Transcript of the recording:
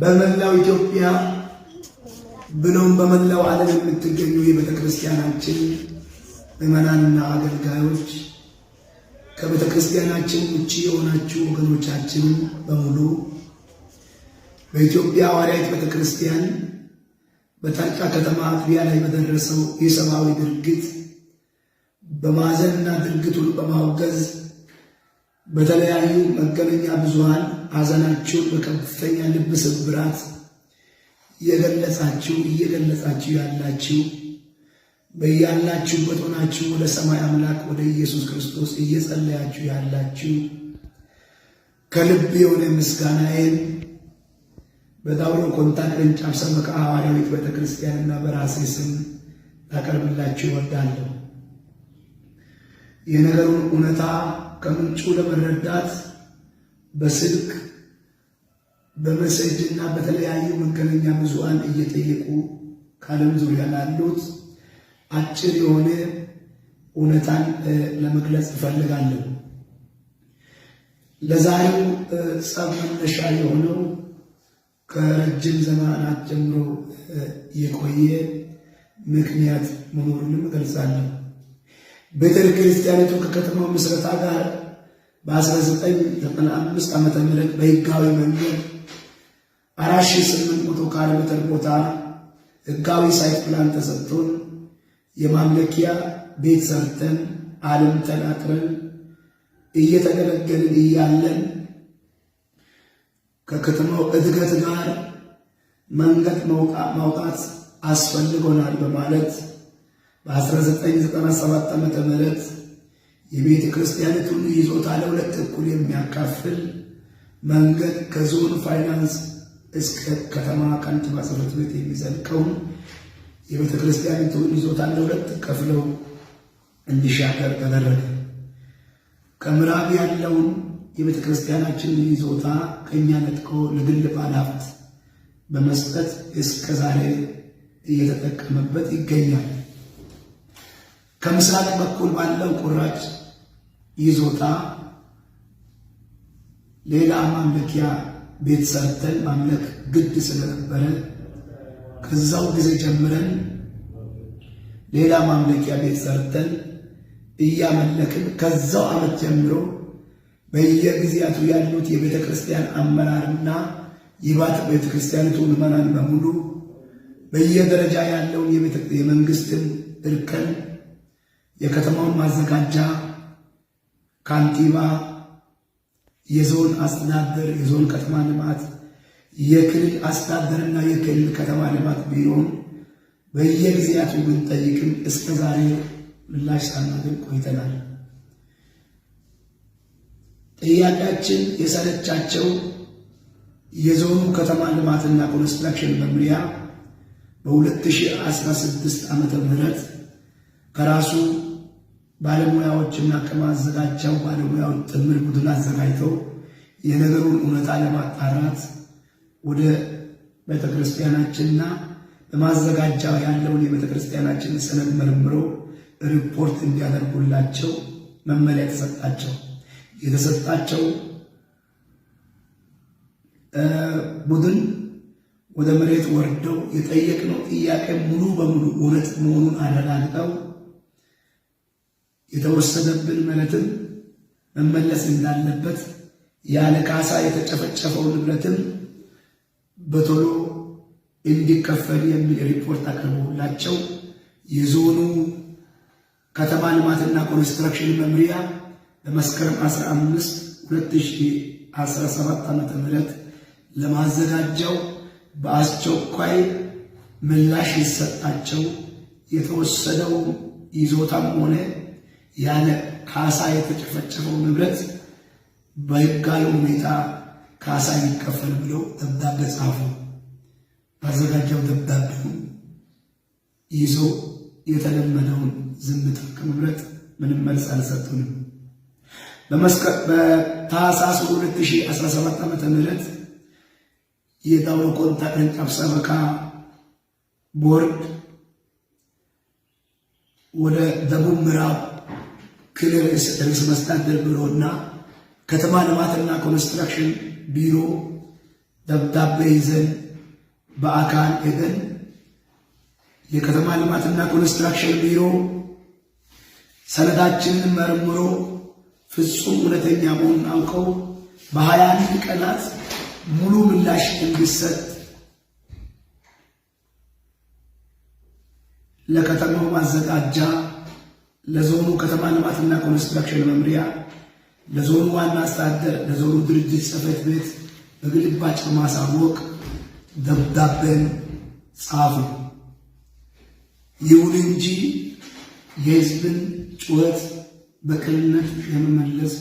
በመላው ኢትዮጵያ ብሎም በመላው ዓለም የምትገኙ የቤተ ክርስቲያናችን ምዕመናንና አገልጋዮች ከቤተ ክርስቲያናችን ውጭ የሆናችሁ ወገኖቻችን በሙሉ በኢትዮጵያ ሐዋርያት ቤተ ክርስቲያን በታጫ ከተማ አጥቢያ ላይ በደረሰው የሰብአዊ ድርጊት በማዘንና ድርጊቱን በማውገዝ በተለያዩ መገናኛ ብዙሃን ሐዘናችሁን በከፍተኛ ልብ ስብራት የገለጻችሁ እየገለጻችሁ ያላችሁ በያላችሁበት ሆናችሁ ወደ ሰማይ አምላክ ወደ ኢየሱስ ክርስቶስ እየጸለያችሁ ያላችሁ ከልብ የሆነ ምስጋናዬን በዳውሮ ኮንታ ቅርንጫፍ ሰበካ ሐዋርያዊት ቤተ ክርስቲያንና በራሴ ስም ታቀርብላችሁ እወዳለሁ። የነገሩን እውነታ ከምንጩ ለመረዳት በስልክ በመሰጅ እና በተለያዩ መገናኛ ብዙሃን እየጠየቁ ከዓለም ዙሪያ ላሉት አጭር የሆነ እውነታን ለመግለጽ እፈልጋለሁ። ለዛሬው ጸብ መነሻ የሆነው ከረጅም ዘመናት ጀምሮ የቆየ ምክንያት መኖሩንም እገልጻለሁ። ቤተ ክርስቲያኒቱ ከከተማው ምስረታ ጋር በ1995 ዓ ም በህጋዊ መንገድ ስምንት መቶ ካሬ ሜትር ቦታ ህጋዊ ሳይት ፕላን ተሰጥቶን የማምለኪያ ቤት ሰርተን አለም ተናቅረን እየተገለገልን እያለን ከከተማው እድገት ጋር መንገድ ማውጣት አስፈልጎናል በማለት በ1997 ዓ ም የቤተ ክርስቲያኒቱን ይዞታ ለሁለት እኩል የሚያካፍል መንገድ ከዞን ፋይናንስ እስከ ከተማ ከንቲባ ጽሕፈት ቤት የሚዘልቀውን የቤተ ክርስቲያኒቱን ይዞታ ለሁለት ከፍለው እንዲሻገር ተደረገ። ከምዕራብ ያለውን የቤተ ክርስቲያናችንን ይዞታ ከእኛ ነጥቆ ለግል ባለሀብት በመስጠት እስከ ዛሬ እየተጠቀመበት ይገኛል። ከምስራቅ በኩል ባለው ቁራጭ ይዞታ ሌላ ማምለኪያ ቤት ሰርተን ማምለክ ግድ ስለነበረ ከዛው ጊዜ ጀምረን ሌላ ማምለኪያ ቤት ሰርተን እያመለክን ከዛው ዓመት ጀምሮ በየጊዜያቱ ያሉት የቤተ ክርስቲያን አመራርና ይባት ቤተ ክርስቲያኒቱ ምዕመናን በሙሉ በየደረጃ ያለውን የመንግስትን እርከን የከተማውን ማዘጋጃ ካንቲባ፣ የዞን አስተዳደር፣ የዞን ከተማ ልማት፣ የክልል አስተዳደርና የክልል ከተማ ልማት ቢሮን በየጊዜያቱ ብንጠይቅም እስከ ዛሬ ምላሽ ሳናገኝ ቆይተናል። ጥያቄያችን የሰለቻቸው የዞኑ ከተማ ልማትና ኮንስትራክሽን መምሪያ በ2016 ም ከራሱ ባለሙያዎችና ከማዘጋጃው ባለሙያዎች ጥምር ቡድን አዘጋጅተው የነገሩን እውነታ ለማጣራት ወደ ቤተክርስቲያናችንና በማዘጋጃው ያለውን የቤተክርስቲያናችን ሰነድ መርምረው ሪፖርት እንዲያደርጉላቸው መመሪያ የተሰጣቸው የተሰጣቸው ቡድን ወደ መሬት ወርደው የጠየቅነው ጥያቄ ሙሉ በሙሉ እውነት መሆኑን አረጋግጠው የተወሰነብን መሬትን መመለስ እንዳለበት ያለ ካሳ የተጨፈጨፈው ንብረትም በቶሎ እንዲከፈል የሚል ሪፖርት አቅርቦላቸው የዞኑ ከተማ ልማትና ኮንስትራክሽን መምሪያ በመስከረም 15 2017 ዓ.ም ለማዘጋጀው በአስቸኳይ ምላሽ ይሰጣቸው። የተወሰደው ይዞታም ሆነ ያለ ካሳ የተጨፈጨፈው ንብረት በህጋዊ ሁኔታ ካሳ ይከፈል ብለው ደብዳቤ ጻፉ። ባዘጋጀው ደብዳቤው ይዞ የተለመደውን ዝምታ ከንብረት ምንም መልስ አልሰጡንም። በታህሳስ 2017 ዓ ም የዳውሮ ቆንታ ቅርንጫፍ ሰበካ ቦርድ ወደ ደቡብ ምዕራብ ክልል ርዕሰ መስተዳድር እና ከተማ ልማትና ኮንስትራክሽን ቢሮ ደብዳቤ ይዘን በአካል ሄደን የከተማ ልማትና ኮንስትራክሽን ቢሮ ሰነዳችንን መርምሮ ፍጹም እውነተኛ መሆኑን አውቀው በሀያ አንድ ቀናት ሙሉ ምላሽ እንዲሰጥ ለከተማው ማዘጋጃ ለዞኑ ከተማ ልማትና ኮንስትራክሽን መምሪያ፣ ለዞኑ ዋና አስተዳደር፣ ለዞኑ ድርጅት ጽሕፈት ቤት በግልባጭ ማሳወቅ ደብዳቤን ጻፉ። ይሁን እንጂ የህዝብን ጩኸት በቅንነት የመመለስ